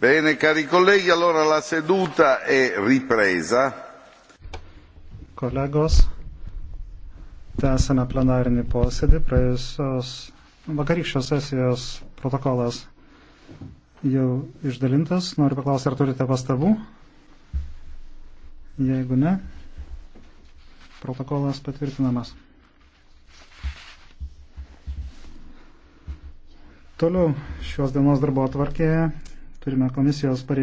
Bene, cari colleghi, allora la seduta è ripresa. Kolegos, tęsame plenarinį posėdį. Praėjusios vakarykščios sesijos protokolas jau išdalintas. Noriu paklausti, ar turite pastabų? Jeigu ne, protokolas patvirtinamas. Toliau šios dienos darbo atvarkėje Turime komisijos pareiškimą.